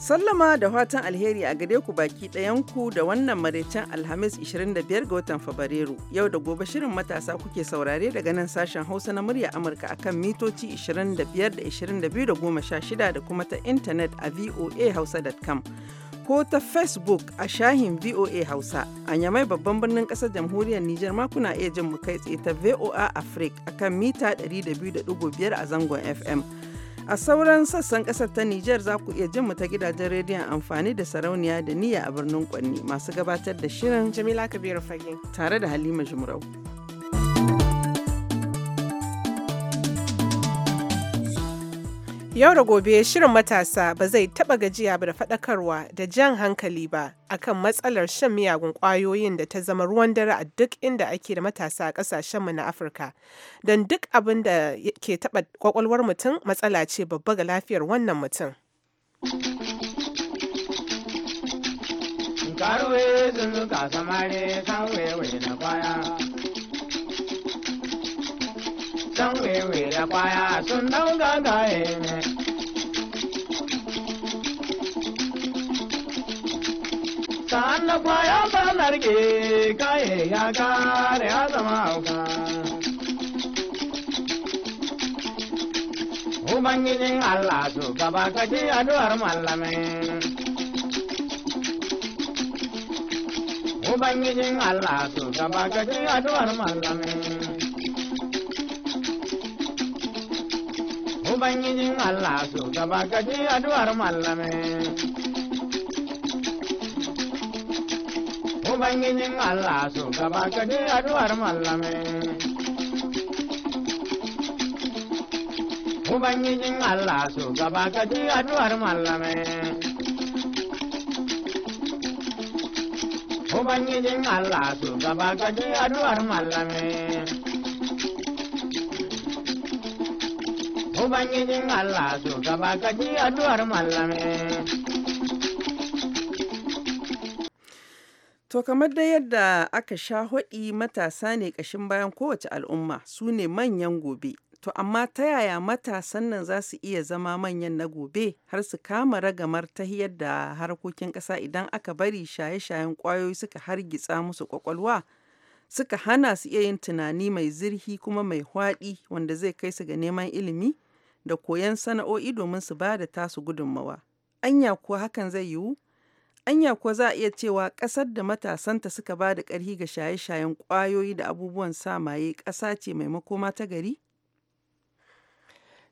Sallama da fatan alheri a gare ku baki ɗayanku da wannan maraicen Alhamis 25 ga watan Fabrairu. Yau da gobe shirin matasa kuke saurare daga nan sashen Hausa na murya Amurka akan mitoci 25 da 22 da kuma ta intanet a voahausa.com. ko ta Facebook a shahin VOA Hausa. A yamai babban birnin ƙasar jamhuriyar Nijar ma kuna iya jin mu kai tsaye ta VOA Africa akan mita 102.5 a zangon FM. A sauran sassan ƙasar ta Nijar za ku iya jin mu ta gidajen rediyon amfani da sarauniya da niyya a birnin Kwanni masu gabatar da shirin Jamila Kabiru Fage tare da Halima Jumrau. Yau da gobe shirin matasa ba zai taɓa gajiya ba da faɗakarwa da jan hankali ba akan matsalar shan miyagun ƙwayoyin da ta zama ruwan dare a duk inda ake da matasa a ƙasashenmu na Afirka. Don duk abin da ke taɓa ƙwaƙwalwar mutum matsala ce babba ga lafiyar wannan mutum. can wewe da kwaya sun dau gagaye eh, ne. Eh. Sa'an na kwaya ta narke kaye eh, ya kare ya zama hauka. Ubangijin Allah su gaba kaji addu'ar mallamin. Ubangijin Allah su gaba kaji addu'ar mallamin. Ubangijin Allah su gaba gaji addu'ar mallame. Ubangijin Allah su gaba gaji addu'ar mallame. Ubangijin Allah su gaba gaji addu'ar mallame. Ubangijin Allah su gaba gaji addu'ar mallame. Ubangijin Allah su gaba gaji addu'ar mallame. To kamar da yadda aka sha hoɗi matasa ne ƙashin bayan kowace al'umma su ne manyan gobe. To amma ta yaya matasan nan za su iya zama manyan na gobe har su kama ragamar ta da harkokin ƙasa idan aka bari shaye-shayen ƙwayoyi suka hargitsa musu ƙwaƙwalwa suka hana su iya yin tunani mai zurfi kuma mai hwaɗi wanda zai kai su ga neman ilimi? da koyon sana'o'i domin su ba da tasu gudunmawa. Anya kuwa hakan zai yiwu? Anya kuwa za a iya cewa ƙasar da matasanta suka ba da ƙarhi ga shaye-shayen ƙwayoyi da abubuwan sa maye ƙasa ce mai makoma ta gari?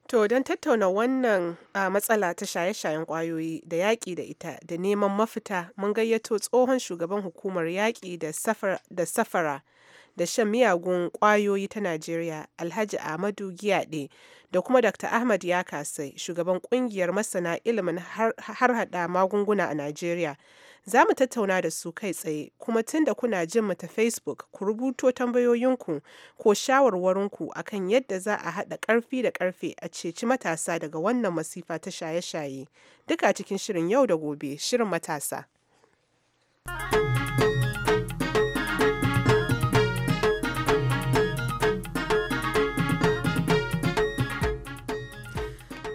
To don tattauna wannan a matsala ta shaye-shayen ƙwayoyi da yaƙi da ita da neman mafita mun gayyato tsohon shugaban hukumar yaƙi da safara da shan miyagun kwayoyi ta Najeriya Alhaji Ahmadu Giyaɗe da kuma Dr. Ahmad kasai shugaban kungiyar masana ilimin harhaɗa magunguna a Najeriya. Za mu tattauna da su kai tsaye kuma tun da kuna jin mu ta Facebook ku rubuto tambayoyinku ko shawarwarinku akan yadda za a haɗa ƙarfi da ƙarfe a ceci matasa daga wannan masifa ta shaye-shaye. Duka cikin shirin yau da gobe, shirin matasa.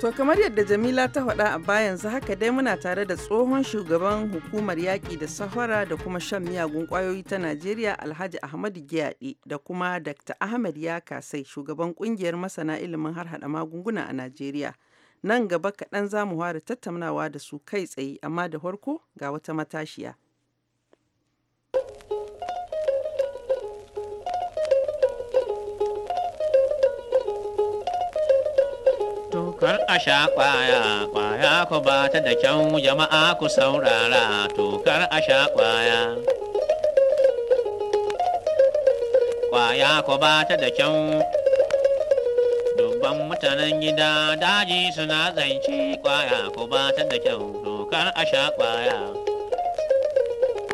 To kamar yadda Jamila ta faɗa a bayanzu haka dai muna tare da tsohon shugaban hukumar yaƙi da sahara da kuma shan miyagun ƙwayoyi ta Najeriya Alhaji Ahmadu Giyaɗe da kuma Dr. Ahmed Yakasai shugaban ƙungiyar masana ilimin harhaɗa magunguna a Najeriya. Nan gaba kaɗan za mu tattaunawa da su kai tsaye amma da farko ga wata matashiya. kar a sha kwaya kwaya ku ba ta da kyau jama'a ku saurara to kar a sha kwaya kwaya ku ba ta da kyau dubban mutanen gida daji suna zance kwaya ku ba ta da kyau dokar a sha kwaya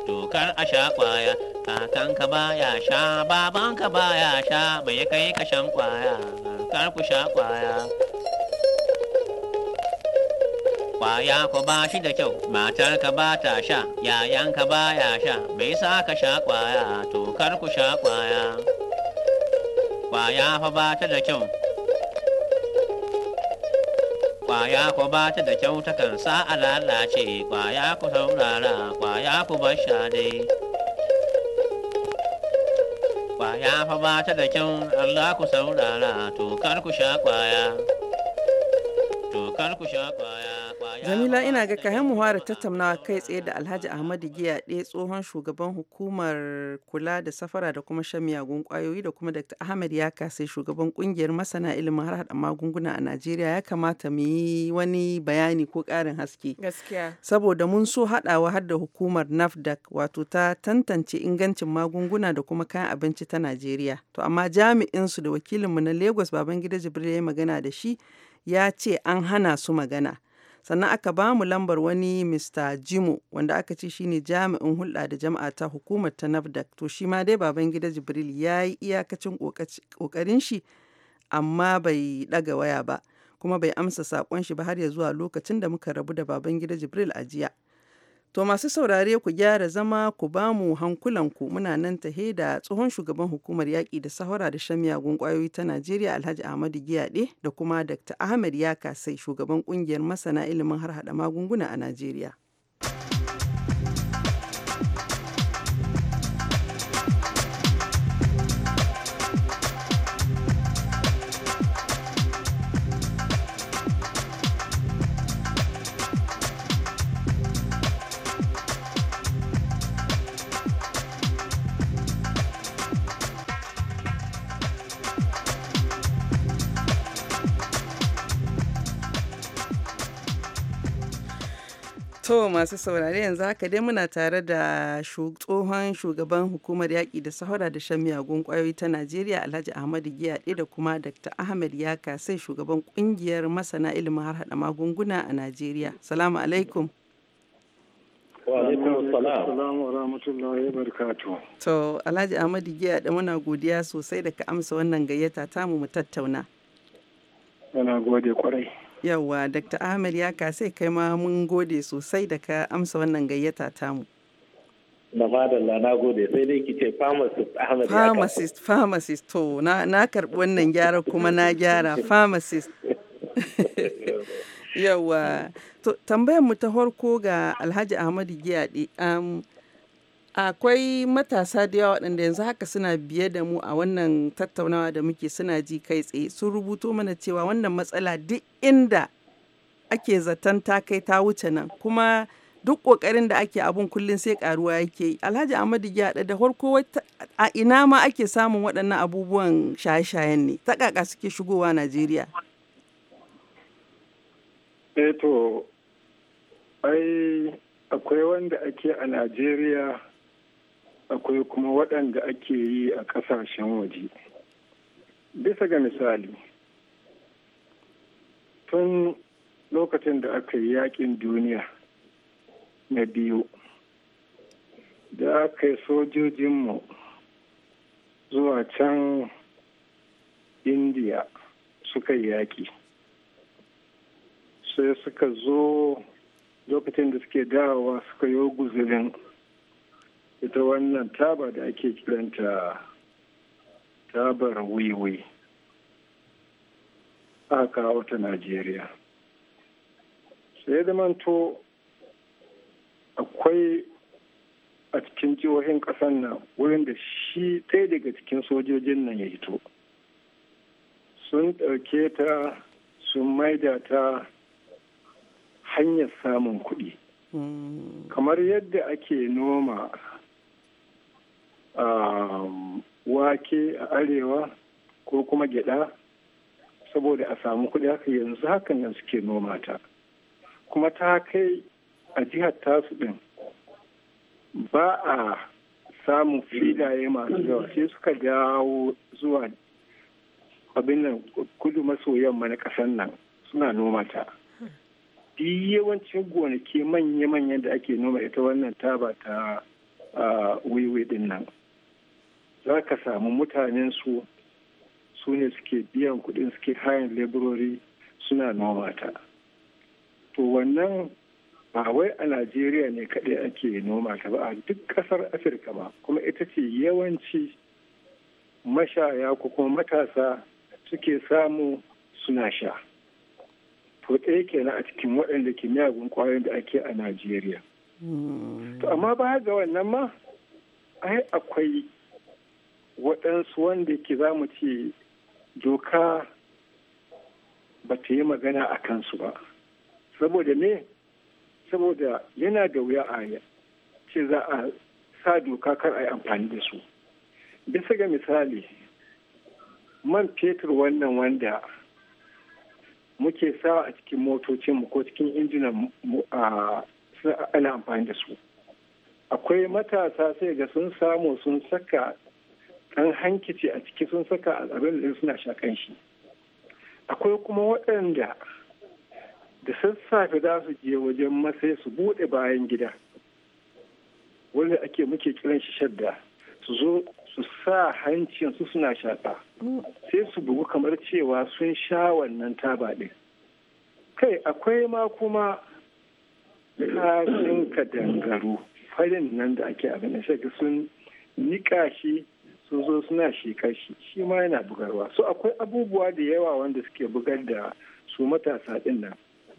dokar a sha kwaya kakanka ya sha babanka ya sha bai kai kashan kwaya kar ku sha kwaya kwaya ku ba shi da kyau matar ka ba ta sha yayan ka ba ya sha me yasa ka sha kwaya to kar ku sha kwaya kwaya ku ba ta da kyau kwaya ku ba ta da kyau ta kan sa a lalace kwaya ku saurara kwaya ku ba sha dai kwaya fa ba ta da kyau Allah ku saurara to kar ku sha kwaya to kar ku sha kwaya Jamila ina ga kayan muhara tattaunawa kai tsaye da Alhaji Ahmadu Giya ɗaya tsohon shugaban hukumar kula da safara da kuma shan miyagun kwayoyi da kuma Dr. Ahmad ya kasai shugaban kungiyar masana ilimin harhaɗa magunguna a Najeriya ya kamata mu yi wani bayani ko ƙarin haske. Gaskiya. Saboda mun so haɗawa har da hukumar NAFDAC wato ta tantance ingancin magunguna da kuma kayan abinci ta Najeriya. To amma jami'in su da wakilinmu na Lagos Babangida Jibril ya magana da shi ya ce an hana su magana. sannan aka ba mu lambar wani mr jimo wanda aka ce shine jami'in hulɗa da jama'a ta hukumar ta nafdac to shi ma dai baban gida jibril ya yi iyakacin ƙoƙarin shi amma bai ɗaga waya ba kuma bai amsa saƙon shi ba har ya zuwa lokacin da muka rabu da baban gida jibril a jiya To masu saurare ku gyara zama ku ba mu hankulanku muna nan ta da tsohon shugaban hukumar yaƙi da sahara da shan miyagun ƙwayoyi ta Najeriya Alhaji Ahmadu Giyaɗe da kuma Dr. Ahmed Yakasai shugaban ƙungiyar masana ilimin har harhaɗa magunguna a Najeriya. To masu saurare yanzu haka dai muna tare da tsohon shugaban hukumar yaƙi da sahara da shan miyagun ƙwayoyi ta Najeriya Alhaji Ahmadu Giyaɗe da kuma Dr. Ahmed Yaka sai shugaban ƙungiyar masana ilimin har haɗa magunguna a Najeriya. Salamu alaikum. To Alhaji Ahmadu Giyaɗe muna godiya sosai da ka amsa wannan gayyata tamu mu tattauna. yana gode kwarai. Yawwa, Dr. Ahmed ya kase kai ma mun gode sosai da ka amsa wannan gayyata tamu. na madalla na gode sai dai ki ce pharmacist ahmed pharmacist pharmacist to na, na karbi wannan gyara kuma na gyara pharmacist Yawwa to tambayar mu ta farko ga alhaji ahmadu giyadi um, akwai matasa da yawa waɗanda yanzu haka suna biye da mu a wannan tattaunawa da muke suna ji kai tsaye sun rubuto mana cewa wannan matsala duk inda ake zaton ta kai ta wuce nan kuma duk ƙoƙarin da ake abun kullum sai ƙaruwa yake yi alhaji ahmadu gyaɗa da farko a ina ma ake samun waɗannan abubuwan shaye-shayen ne ta ƙaƙa suke shigowa najeriya eto eh ai akwai wanda ake a najeriya akwai kuma waɗanda ake yi a ƙasashen waje bisa ga misali tun lokacin da aka yi yakin duniya na biyu da aka yi sojojinmu zuwa can indiya suka yi yaƙi sai suka zo lokacin da suke dawowa suka yi guzulin ita wannan taba da ake kiranta tabar wiwi a kawo ta najeriya sai zamanto akwai a cikin jihohin ƙasar nan wurin da shi ɗaya daga cikin sojojin nan ya hito sun ɗauke ta sun maida ta hanyar samun kuɗi hmm. kamar yadda ake noma Um, wake a arewa ko kuma gyada saboda a samu kuɗi haka yanzu hakan nan suke noma ta kuma ta kai a jihar tasu ɗin ba a samun filaye masu yawa sai suka dawo zuwa abin nan kudu maso yamma na ƙasar nan suna noma ta yawancin gonaki manya manyan da ake noma ita wannan taba ta uh, wiwi din nan za ka samu mutanen su su ne suke biyan kudin suke hayan laborori suna noma ta to wannan ba wai a najeriya ne kaɗai ake noma ta ba a duk ƙasar afirka ba kuma ita ce yawanci mashaya ko kuma matasa suke samu suna sha to ɗaya kenan a cikin waɗanda ke miyagun ƙwayoyin da ake a najeriya hmm. to amma baya ga wannan ma ai akwai waɗansu wanda ke za mu ce doka ba ta yi magana a kansu ba saboda me saboda yana da wuya a ce za a sa doka kar a yi amfani da su bisa ga misali man fetur wannan wanda muke sa a cikin motocinmu ko cikin injinan ana amfani da su akwai matasa sai ga sun samu sun saka ɗan hankice a ciki sun saka abin da suna shakan shi akwai kuma waɗanda da sassafe za su je wajen masai su buɗe bayan gida wanda ake muke kiran shi shadda su zo su sa hancin su suna shaƙa sai su bugu kamar cewa sun sha wannan taba ɗin kai akwai ma kuma kashin kadangaru farin nan da ake abin da sun niƙa shi sun zo suna sheka shi shi ma yana bugarwa so akwai abubuwa da yawa wanda suke bugar da su matasa din nan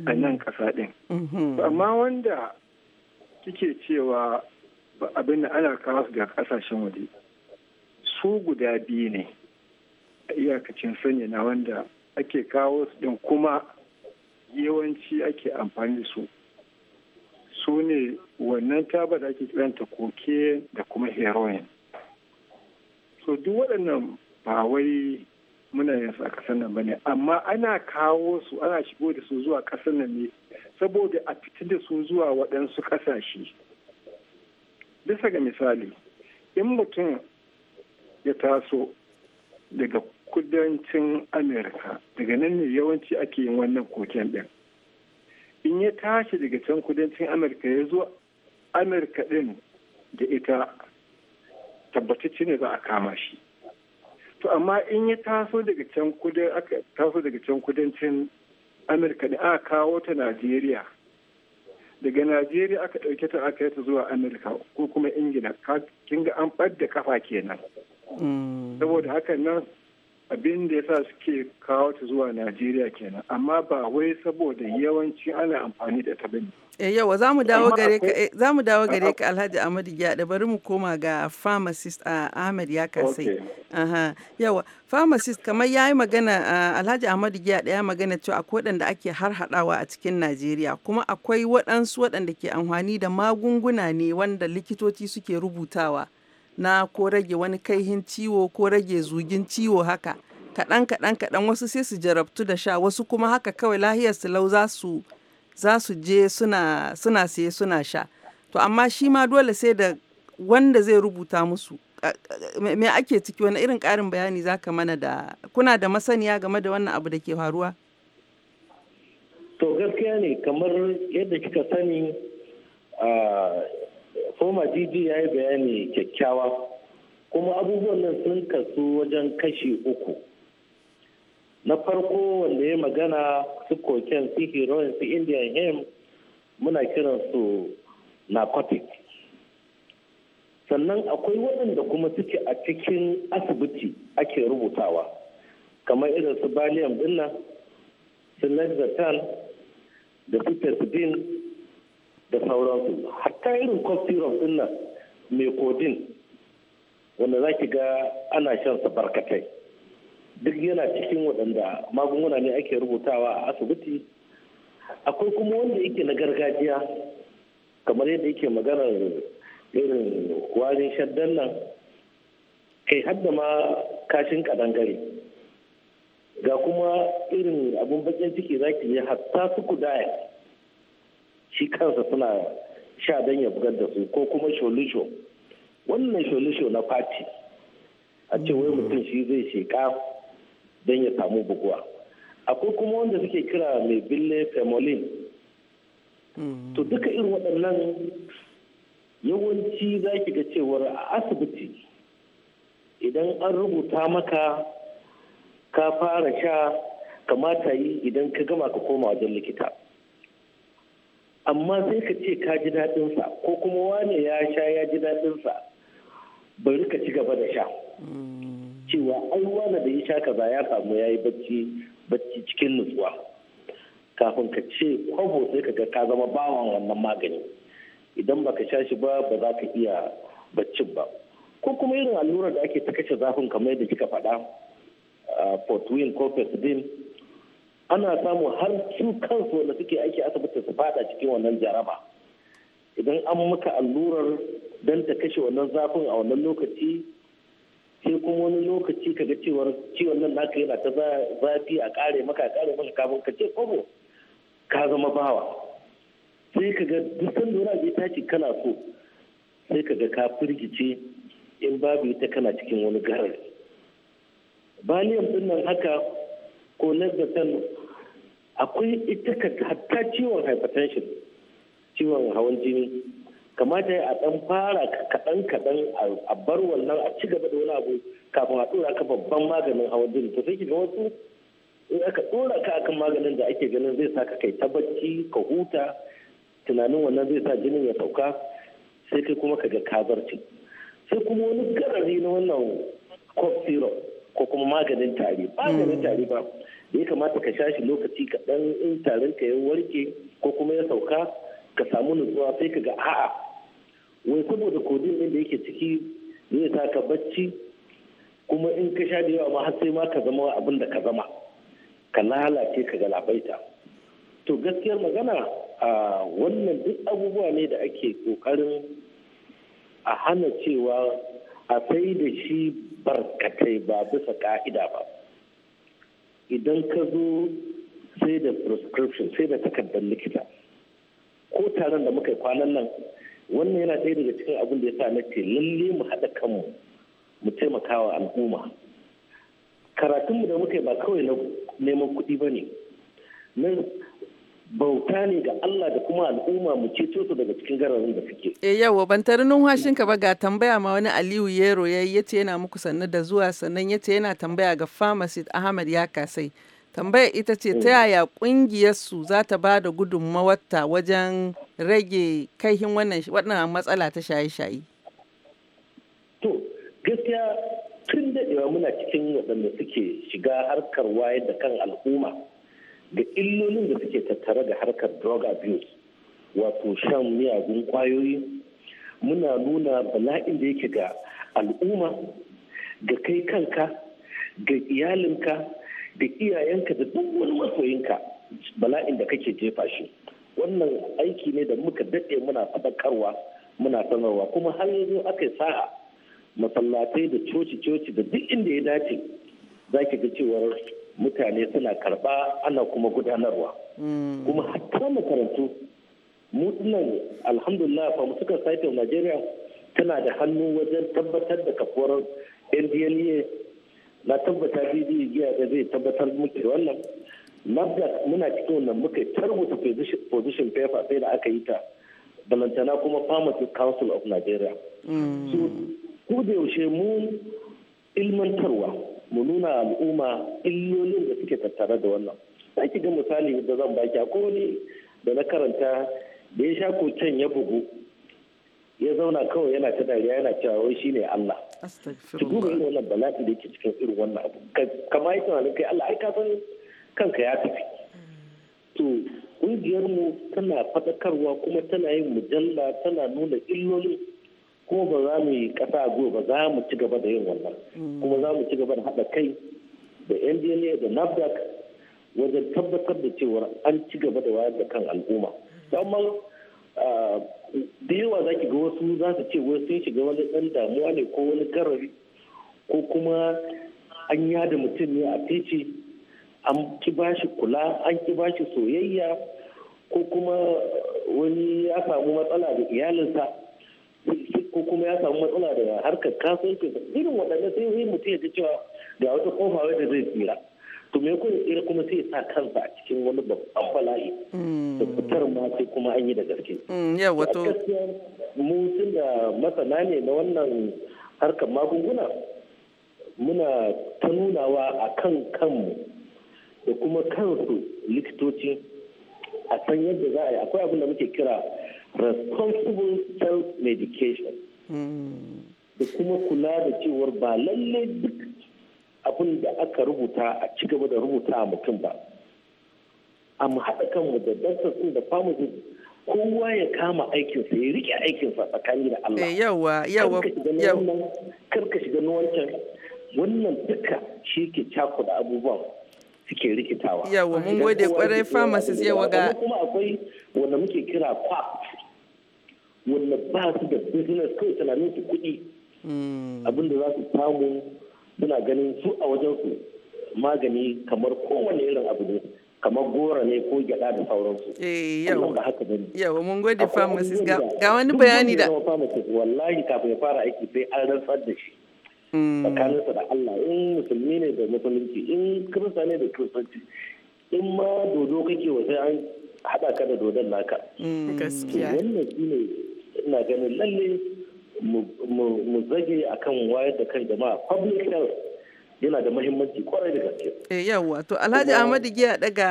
a nan kasa din mm-hmm. amma wanda kike cewa abin da ana kawo ga kasashen waje su guda biyu ne a iyakacin sanya na wanda ake kawo su din kuma yawanci ake amfani da su su ne wannan tabar da ake kiranta koke da kuma heroin so duk waɗannan ba wai muna yin su a ƙasar nan ba ne amma ana kawo su ana shigo da su zuwa ƙasar nan ne saboda a fitar da su zuwa waɗansu ƙasashe bisa ga misali in mutum ya taso daga kudancin amerika daga nan ne yawanci ake yin wannan koken ɗin in ya tashi daga can kudancin amurka ya zo amurka ɗin da ita tabbatacce ne za a kama shi to amma in ya taso daga can kudin aka taso daga can kudancin amurka da aka kawo ta najeriya daga najeriya aka ɗauke ta aka yi ta zuwa amurka ko kuma ingila kin ga an ɓadda kafa kenan mm. saboda hakan nan abin da ya sa suke kawo ta zuwa najeriya kenan amma ba wai saboda yawanci ana amfani da ta bane Eh, yawa eh, za mu dawo gare ka Alhaji Ahmadu Gyada bari mu koma ga pharmacist a ah, ahmed ya kasai yawa pharmacist kamar yi magana ah, Alhaji Ahmadu Gyada ya magana cewa akwai waɗanda ake har haɗawa a cikin Najeriya kuma akwai waɗansu waɗanda ke amfani da magunguna ne wanda likitoci suke rubutawa na ko rage wani kaihin ciwo ko rage zugin ciwo haka kaɗan kaɗan kaɗan wasu sai su jarabtu da sha wasu kuma haka kawai lahiyar su lau za su za su je suna suna suna sha to amma shi ma dole sai da wanda zai rubuta musu me ake ciki wani irin karin bayani za ka mana da kuna da masaniya game da wannan abu da ke faruwa to gaskiya ne kamar yadda kika sani foma dg ya yi bayani kyakkyawa kuma abubuwan nan sun kasu wajen kashi uku na farko wanda ya magana su koken su heroin su indian hem muna kiransu su narcotic sannan akwai waɗanda kuma suke a cikin asibiti ake rubutawa kamar irin su baliyan dinnan su lexatan da su tesbin da sauransu hatta irin cough syrup dinnan mai kodin wanda za ki ga ana shan su barkatai duk yana cikin waɗanda magunguna ne ake rubutawa a asibiti akwai kuma wanda yake na gargajiya kamar yadda yake maganar irin warin shaddan nan kai hadda ma kashin kadangare ga kuma irin abin bakin ciki za ki yi hatta su kudaya shi kansa suna sha don ya bugar da su ko kuma sholisho wannan sholisho na fati a ce wai mutum shi zai sheka don ya samu buguwa akwai kuma wanda suke kira mai bille femolin mm. to duka irin waɗannan yawanci za ki ga cewar a asibiti idan an rubuta maka ka fara sha kamata yi idan ka gama ka koma wajen likita amma sai ka ce ka ji daɗinsa ko kuma wane ya sha ya ji daɗinsa bari ka ci gaba da sha. Mm. cewa ai wani da ya sha kaza ya samu ya yi bacci bacci cikin nutsuwa kafin ka ce kwabo sai ka ga ka zama bawan wannan magani idan baka sha shi ba ba za ka iya baccin ba ko kuma irin allurar da ake ta kashe zafin kamar yadda kika faɗa fortwin ko pestidin ana samu har su kansu wanda suke aiki asibitin su fada cikin wannan jaraba idan an muka allurar don ta kashe wannan zafin a wannan lokaci sai kuma wani lokaci kaga cewar ciwon nan naka yana ta zafi a kare maka a kare maka kafin ka ce kwabo ka zama bawa sai kaga duk san dora bai tashi kana so sai kaga ka firgice in babu ita kana cikin wani garar baliyan din nan haka ko san akwai ita ka hatta ciwon hypertension ciwon hawan jini kamata a dan fara kaɗan-kaɗan a bar wannan a ci gaba da wani abu kafin a ɗora ka babban maganin hawan jini to sai ki ga wasu in aka ɗora ka akan maganin da ake ganin zai sa ka kai ta bacci ka huta tunanin wannan zai sa jinin ya sauka sai kai kuma ka ga ka sai kuma wani garari na wannan cough syrup ko kuma maganin tari mm. maganin tari ba da ya kamata ka sha shi lokaci kaɗan in tarinka ya warke ko kuma ya sauka ka samu nutsuwa sai ka ga a'a wai saboda kodin ɗin da yake ciki zai sa ka bacci kuma in ka sha da yawa ma har sai ma ka zama abin da ka zama ka lalace ka galabaita to gaskiyar magana a wannan duk abubuwa ne da ake kokarin a hana cewa a sai da shi barkatai ba bisa ka'ida ba idan ka zo sai da prescription sai da takardar likita ko taron da muka yi kwanan nan wannan yana ɗaya daga cikin abin da ya sa na ce lalle mu haɗa kanmu mu taimakawa al'umma karatunmu da muka yi ba kawai na neman kuɗi ba ne na bauta ne ga Allah da kuma al'umma mu ceto su daga cikin gararin da suke. Eh yawa ban tare numfashin ka ba ga tambaya ma wani Aliyu Yero yayi yace yana muku sannu da zuwa sannan yace yana tambaya ga Pharmacist Ahmad ya kasai. tambaya ita ce ta eh. yaya kungiyar su za ta ba da gudunmawarta wajen rage kaihin wannan matsala ta shaye-shaye to gaskiya tun daɗewa muna cikin waɗanda suke shiga harkar wayar da kan al'umma ga illolin da suke tattare da harkar drug abuse wato shan miyagun kwayoyi muna nuna bala'in da yake ga al'umma ga kai kanka ga iyalinka da iyayenka da duk wani masoyinka bala'in da kake jefa shi wannan aiki ne da muka daɗe muna sadakarwa muna sanarwa kuma har yanzu aka yi sa'a masallatai da coci-coci da duk inda ya dace za ki ga cewar mutane suna karɓa ana kuma gudanarwa mm. kuma hatta makarantu mu dinan alhamdulillah fa suka saita Najeriya tana da hannu wajen tabbatar da kafuwar NDLA na tabbata bidiyo giya da zai tabbatar muke wannan mabda muna cikin wannan muka tarbuta position paper sai da aka yi ta balantana kuma pharmacy council of nigeria mm. so ko da yaushe mu ilmantarwa mu nuna al'umma illolin da suke tattare da wannan za ki ga misali da zan baki akwai wani da na karanta da ya sha kocen ya bugu ya zauna kawai yana ta dariya yana cewa wai ne Allah ki duba irin wannan bala'i da yake cikin irin wannan abu kamar yi tunanin kai Allah ai ka kanka ya tafi to ƙungiyar mu tana faɗakarwa kuma tana yin mujalla tana nuna illolin ko ba za mu yi ƙasa go ba za mu ci gaba da yin wannan mm. kuma za mu ci gaba da haɗa kai da NDLA da NAFDAC wajen tabbatar da cewa an ci gaba da wayar da kan al'umma. Amma da yawa za ki ga wasu za su ce wasu sun shiga wani ɗan damuwa ne ko wani garari ko kuma an yada mutum ne a fice an ki ba shi kula an ki ba shi soyayya ko kuma wani ya samu matsala da iyalinsa ko kuma ya samu matsala da harkar kasuwanci irin waɗanda sai mutum ya ji cewa ga wata kofa wadda zai tsira to me kun ira kuma sai sa kansa a cikin wani babban bala'i da mm. fitar ma sai kuma an yi da gaske mm, yawa to mu tun da masana ne na wannan harkar magunguna muna ta nunawa a kan kanmu da kuma kansu likitoci a san yadda za a yi akwai abin da muke kira responsible self medication mm. da kuma kula da cewar ba lallai duk abin da aka rubuta a ci gaba da rubuta a mutum ba a mu haɗa kanmu da dansas ɗin da family kowa ya kama aikinsa ya riƙe aikinsa tsakani da Allah yawa yawa yawa karka shiga na wancan wannan duka shi ke da abubuwan suke rikitawa yawa mun gode kwarai pharmacist yawa ga kuma akwai wanda muke kira kwa wanda ba su da business kawai tunanin su kuɗi hmm. abinda za su samu suna ganin su a wajen su magani kamar kowane irin abu ne kamar gora ne ko gyada da sauransu. Eh, Yawa mun gode pharmacist ga wani bayani da. Wallahi kafin ya fara aiki sai an rantsar da shi. Hmm. Tsakaninsa da Allah in musulmi ne da musulunci in kirista ne da kiristanci in ma dodo kake wa sai an haɗa ka da dodon naka. Hmm, gaskiya. Wannan shi ne ina ganin lalle mu zage kan wayar da kan jama'a public health yana da mahimmanci kwarai da gaske. Eh yawa to Alhaji Ahmadu Giya daga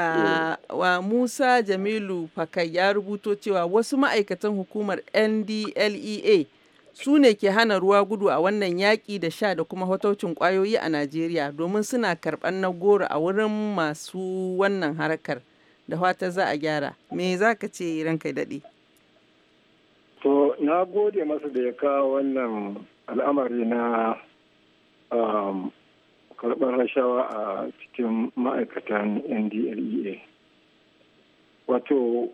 eh. wa Musa Jamilu Fakai ya rubuto cewa wasu ma'aikatan hukumar NDLEA su ne ke hana ruwa gudu a wannan yaƙi da sha da kuma hotocin ƙwayoyi a Najeriya domin suna karɓar na goro a wurin masu wannan harkar da fata za a gyara. Me za ka ce ranka daɗe? na gode masa da ya kawo wannan al'amari na um, karɓar rashawa a cikin ma'aikatan ndlea wato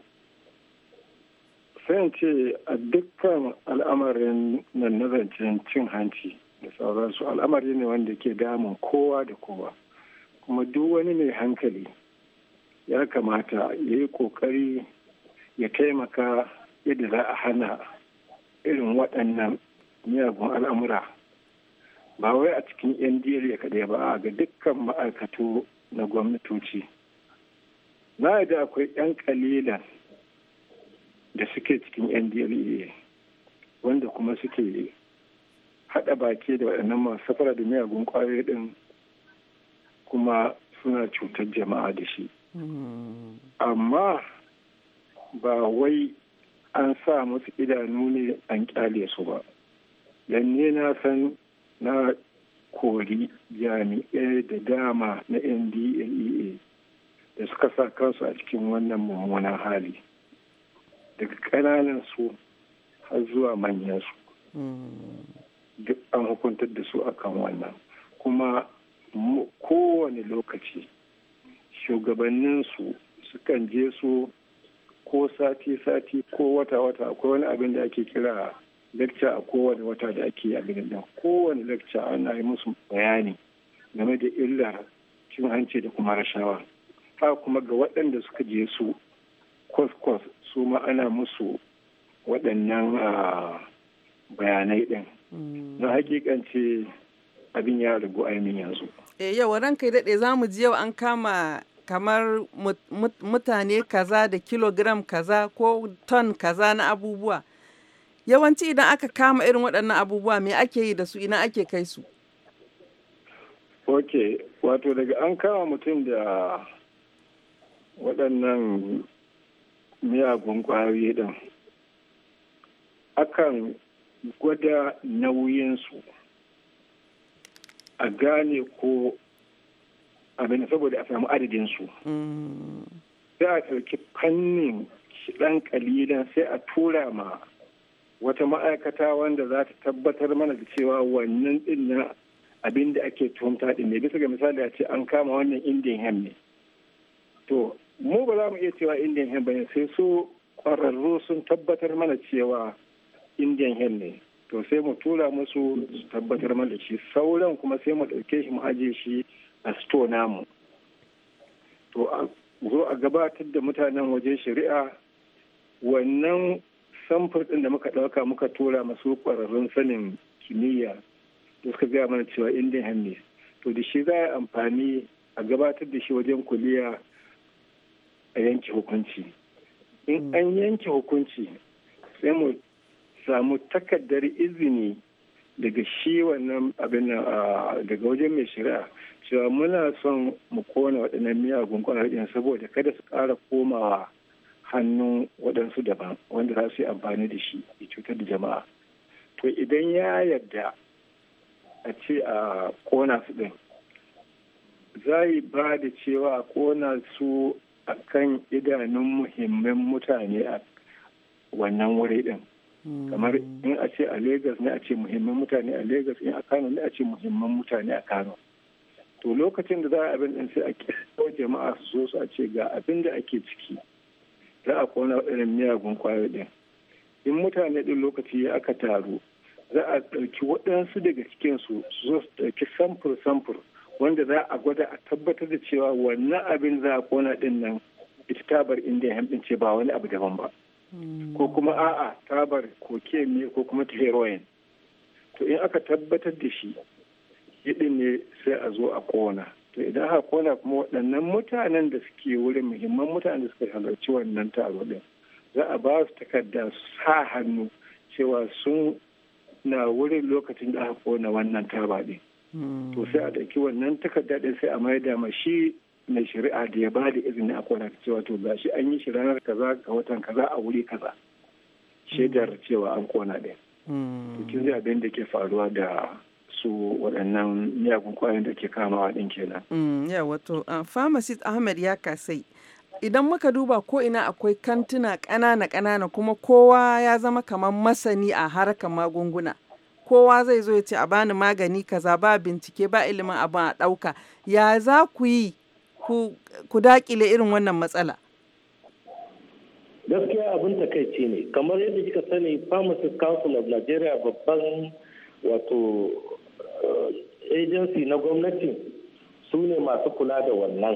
sai ce a dukkan al'amarin nan na zancen cin hanci da sauransu al'amari ne wanda ke damun kowa da kowa kuma duk wani mai hankali ya kamata ya yi kokari ya taimaka yadda za a hana irin waɗannan miyagun al'amura ba wai a cikin 'yan diriya kaɗai ba a ga dukkan ma'aikatu na gwamnatoci na yadda akwai 'yan kalilan da suke cikin 'yan wanda kuma suke haɗa baki da waɗannan masu safara da miyagun ƙwayoyi ɗin kuma suna cutar jama'a da shi hmm. amma ba wai an sa masu idanu ne an kyale su ba ne na san na kori jami'ai da dama na ndlea e da suka sa kansu a cikin wannan mummunan hali daga ƙananan su har zuwa manyan su mm. duk an hukuntar da su akan wannan kuma kowane lokaci shugabanninsu sukan je su ko sati-sati ko wata-wata akwai wani abin da ake kira lecture a kowane wata da ake a gidan nan kowane lecture ana yi musu bayani game da illar cin hanci da kuma rashawa ha kuma ga waɗanda suka je su kwas-kwas su ma ana musu waɗannan bayanai ɗin mm. na hakikance abin ya rigu aimin yanzu. Eh yau ranka daɗe za mu ji yau an kama kamar mutane kaza da kilogram kaza ko ton kaza na abubuwa yawanci idan aka kama irin waɗannan abubuwa me ake yi da su ina ake kai su ok wato daga an kama mutum da waɗannan miyagun ƙwayoyi ɗin akan gwada nauyinsu a gane ko abin saboda a samu adadin su sai a ɗauki fannin ɗan kalilan sai a tura ma wata ma'aikata wanda za ta tabbatar mana da cewa wannan ɗin na abin da ake tuhumta ɗin ne bisa ga misali a ce an kama wannan indian hem ne to mu ba za mu iya cewa indian hem bane sai su ƙwararru sun tabbatar mana cewa indian hem ne to sai mu tura musu su tabbatar mana shi sauran kuma sai mu ɗauke shi mu ajiye shi a sito namu to a zo a gabatar da mutanen waje shari'a wannan samfur ɗin da muka ɗauka muka tura masu ƙwararrun sanin kimiyya da suka gaya mana cewa indian hannu to da shi za a amfani a gabatar da shi wajen kuliya a yanke hukunci in an yanke hukunci sai mu samu takardar izini daga shi wannan abin daga wajen mai shari'a cewa muna son mu kona waɗannan miyagun ƙwararriyar saboda kada su ƙara komawa hannun waɗansu daban wanda za su yi amfani da shi ya cutar da jama'a to idan ya yarda a ce a kona su ɗin za yi ba da cewa a kona su a kan idanun muhimman mutane a wannan wuri ɗin kamar in a ce a Legas ne a ce muhimman mutane a Legas in a Kano ne a ce muhimman mutane a Kano to lokacin da za a abin din sai a kira jama'a su zo su a ce ga abin da ake ciki za a kona irin miyagun kwayo din in mutane din lokaci ya aka taru za a ɗauki waɗansu daga cikin su su zo su ɗauki samfur samfur wanda za a gwada a tabbatar da cewa wannan abin za a kona din nan ita tabar indiya hamɗin ce ba wani abu daban ba. ko kuma a'a tabar koke ne ko kuma ta heroin to in aka tabbatar da shi hidin ne sai a zo a kona to idan aka kona kuma waɗannan mutanen da suke wurin muhimman mutanen da suka halarci wannan taro din za a ba su takarda sa hannu cewa sun na wurin lokacin da aka kona wannan taba din hmm. to sai a ɗauki wannan takarda din sai a maida ma shi mai shari'a da ya ba da izini a kona cewa to shi an yi shi ranar kaza ga watan kaza a wuri kaza shaidar mm. cewa an kona ɗaya. Tukin mm. zai abin da ke faruwa da su waɗannan miyagun kwayoyin da ke kama a ɗin kenan. Mm, ya wato, uh, Pharmacist Ahmed ya kasai. Idan muka duba ko ina akwai kantuna ƙanana-ƙanana kuma kowa ya zama kamar masani a harkar magunguna. Kowa zai zo ya ce a bani magani kaza ba bincike ba ilimin abin a ɗauka. Ya za ku yi ku dakile irin wannan matsala? Gaskiya abin takaici ne, kamar yadda kika sani Pharmacist Council of Nigeria babban wato eh, agency na gwamnati su ne masu kula da wannan.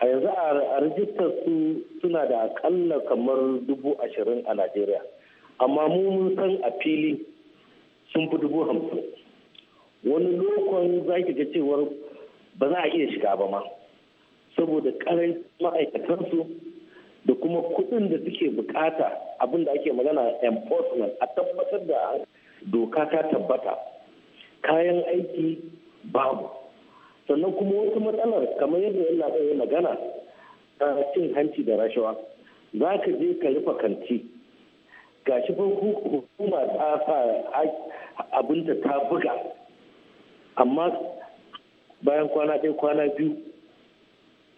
A yanzu a rijistar su suna da akalla kamar dubu ashirin a Najeriya, amma mu mun san a fili sun fi dubu hamsin. Wani lokon za ki ga cewar ba za a iya shiga ba ma. saboda karin ma'aikatansu da kuma kuɗin da suke bukata abinda ake magana enforcement a tabbatar da doka ta tabbata kayan aiki babu sannan kuma wata matsalar kamar yadda yana tsaye magana cin hanci da rashawa za ka je ka rufe kanti ga shi fa hukuma ta sa abinta ta buga amma bayan kwana ɗaya kwana biyu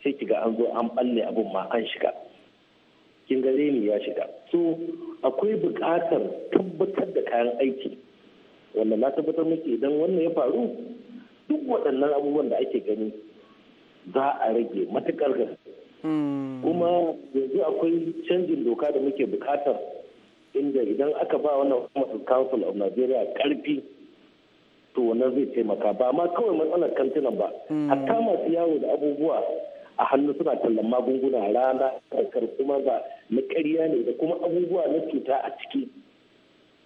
sai kiga an zo an balle abun ma an shiga kin ga reni ya shiga so akwai buƙatar tabbatar da kayan aiki wanda na tabbatar muke idan wannan ya faru duk waɗannan abubuwan da ake gani za a rage matuƙar gaske hmm. kuma yanzu akwai canjin doka da muke buƙatar inda idan aka ba wannan hukumar council of nigeria karfi to wannan zai taimaka ba ma kawai matsalar kantinan ba hmm. hatta masu yawo da abubuwa a hannu suna tallan magunguna rana karkar kuma ba na ƙarya ne da kuma abubuwa na cuta a ciki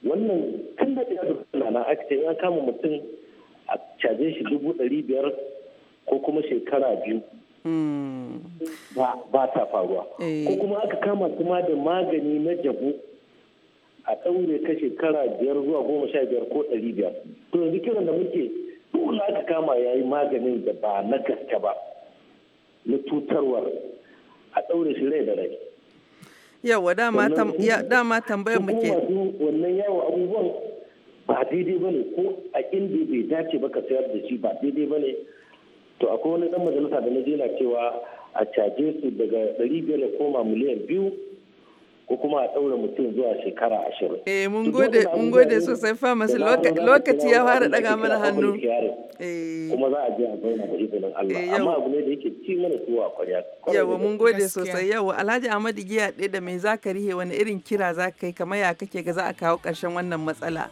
wannan kan da ya dukkan na aka ya kama mutum a caje shi dubu ɗari biyar ko kuma shekara biyu hmm. ba ta faruwa ko eh. kuma aka kama kuma da magani na jabo a ɗaure ka shekara biyar zuwa goma sha biyar ko ɗari biyar to yanzu kiran da muke dole aka kama ya yi maganin da ba na gaske ba na tutarwa a ɗaure shi rai da rai yawa dama tambayar muke wannan yawo abubuwan ba daidai ba ne ko a inda bai dace ba ka sayar da shi ba daidai ba ne to akwai wani dan majalisa da na je cewa a caje su daga 500 ya koma miliyan biyu ko kuma a ɗaura mutum zuwa shekara ashirin. Eh mun gode mun gode sosai famasi lokaci ya fara daga mana hannu. Eh. Kuma za a je a zauna da izinin Allah eh, amma abu ne da yake ci mana tuwa kwarya. Yawa mun gode sosai yawa Alhaji Ahmadu Giya ɗaya da mai zaka rihe wani irin kira za ka yi kamar ya kake ga za a kawo ƙarshen wannan matsala.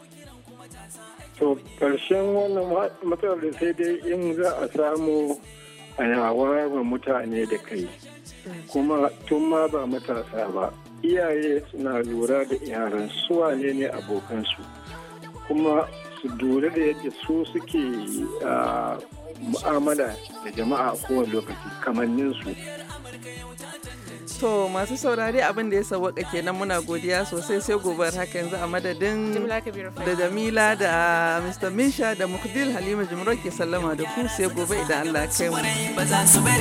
To ƙarshen wannan matsalar da sai dai in za a samu a wayar mutane da kai kuma tun ma ba matasa ba. iyaye suna lura da yaran su wane ne abokansu kuma su lura da yadda su suke mu'amala da jama'a a kowane lokaci su. To masu saurari abin da ya sauwaka kenan muna godiya sosai sai har haka yanzu a madadin da Jamila da ah, Mr. Misha da Mukdil Halima Jumrah ke sallama da ku sai gobe idan Allah kai mu.